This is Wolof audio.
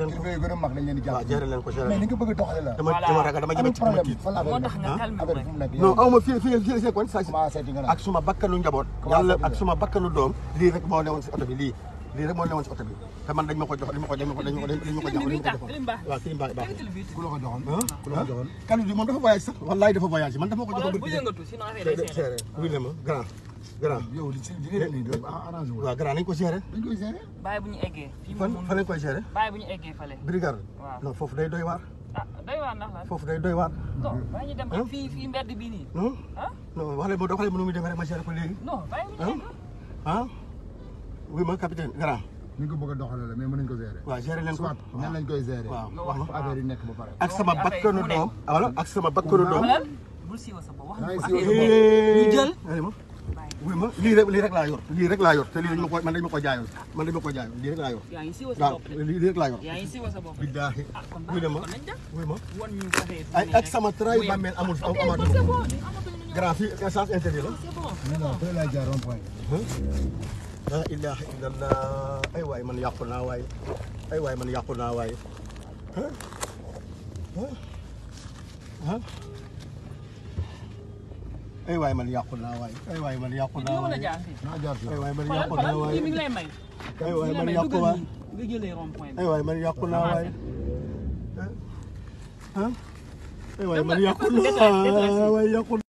leen ko gën a mag dañ leen di jàpp géré leen ko géré mais ni nga bëgg a doxale la dama dama ragal dama jëm ci problème fa la moo tax nga calme non aw ma fii fii fii c'est quoi ak suma bakkanu njaboot yàlla ak suma bakkanu doom lii rek moo newoon si oto bi lii lii rek moo newoon ci oto bi te man dañ ma ko jox dañ ma ko dañ ma ko dañ ma ko dañ ma ko jox waaw kii mbaax baax ku la ko joxoon ah? ku la ko joxoon kanu bi moom dafa voyage sax wallaay dafa voyage man dafa ma ko joxoon wii ne ma grand grand yow li ci li ngeen di arrangé waaw grand nañ ko gérer dañ koy gérer bàyyi bu ñu eggee fan fan lañ koy gérer bàyyi bu ñu eggee fale brigade non foofu day doy waar ah doy waar ndax la foofu day doy waar bàyyi ñu dem ah? fii fii mbedd bii nii non ah? wax leen ma doxalee mënu muy demee rek ma gérer ko léegi non bàyyi bu ñu eggee oui ma capitaine grand. ni nga ko bëgg a doxalee mais mën nañu ko gérer. waaw ko waaw soit nan lañ koy gérer. waaw ah, ak sama bakkanu doom wala ak sama bakkanu doom. bul siiwa sa bopp wax nga ko ma lii rek lii rek laa yor lii rek laa yor te lii dañ ma ko man dañ ma ko jaayoon man dañ ma ko jaayoon lii rek laa yor. yaa ngi siiwa sa bopp de waaw lii rek laa yor. yaa ngi siiwa sa bopp de billaahi. wuy ah, ma wuy ak sama trahi bàmmeel amul amatu ko. grand fii essence interdit la. laa ilaaha illallah ay waay man yàqu naa waay ay waay man yàqu naa waay ay waay man yàqu naa waay ay waay man yàqu naa waay ay waay man yàqu naa waay ay waay man yàqu waay ay waay man yàqu naa waay ay waay man yàqu naa waay yàqu